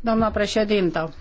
doamnă președintă,